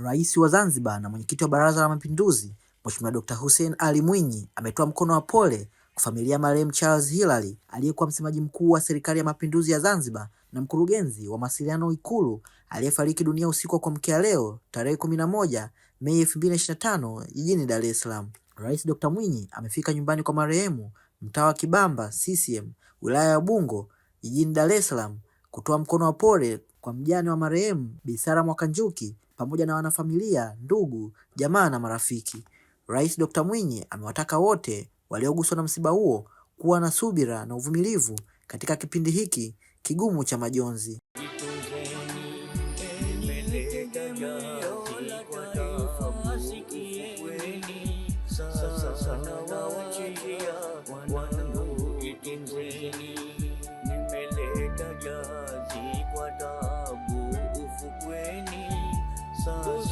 Rais wa Zanzibar na mwenyekiti wa Baraza la Mapinduzi Mheshimiwa Dr. Hussein Ali Mwinyi ametoa mkono wa pole kwa familia ya marehemu Charles Hilary aliyekuwa msemaji mkuu wa Serikali ya Mapinduzi ya Zanzibar na mkurugenzi wa mawasiliano Ikulu aliyefariki dunia usiku wa kuamkia leo tarehe kumi na moja Mei elfu mbili na ishirini na tano jijini Dar es Salaam. Rais Dr. Mwinyi amefika nyumbani kwa marehemu mtaa wa Kibamba CCM wilaya ya Ubungo jijini Dar es Salaam kutoa mkono wa pole kwa mjane wa marehemu bisara Mwakanjuki pamoja na wanafamilia, ndugu, jamaa na marafiki. Rais Dr. Mwinyi amewataka wote walioguswa na msiba huo kuwa na subira na uvumilivu katika kipindi hiki kigumu cha majonzi.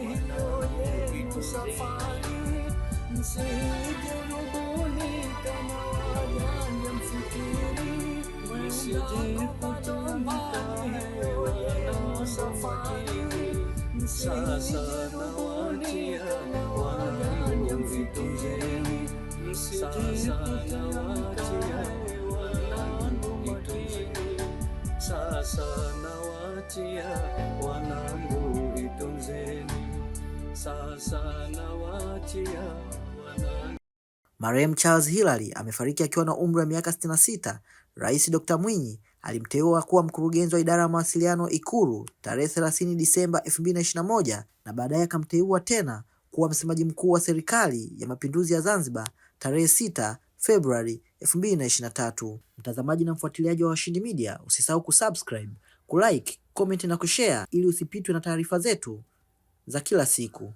Sihiyoyin sa palit Sihiyoruhuli ka na Ayan yung fikiri Wala ka pa naman Hiyoyin sa palit Sasanawati ka na Ayan yung fikiri Sasanawati ka Wala mo makikiri Sasanawati ka Wala mo itong zero sasa Marehemu Charles Hilary amefariki akiwa na umri wa miaka 66. Rais Dr. Mwinyi alimteua kuwa mkurugenzi wa idara ya mawasiliano Ikulu tarehe 30 Disemba 2021 na baadaye akamteua tena kuwa msemaji mkuu wa Serikali ya Mapinduzi ya Zanzibar tarehe 6 Februari 2023. Mtazamaji na mfuatiliaji wa Washindi Media, usisahau kusubscribe, kulike, comment na kushare ili usipitwe na taarifa zetu za kila siku.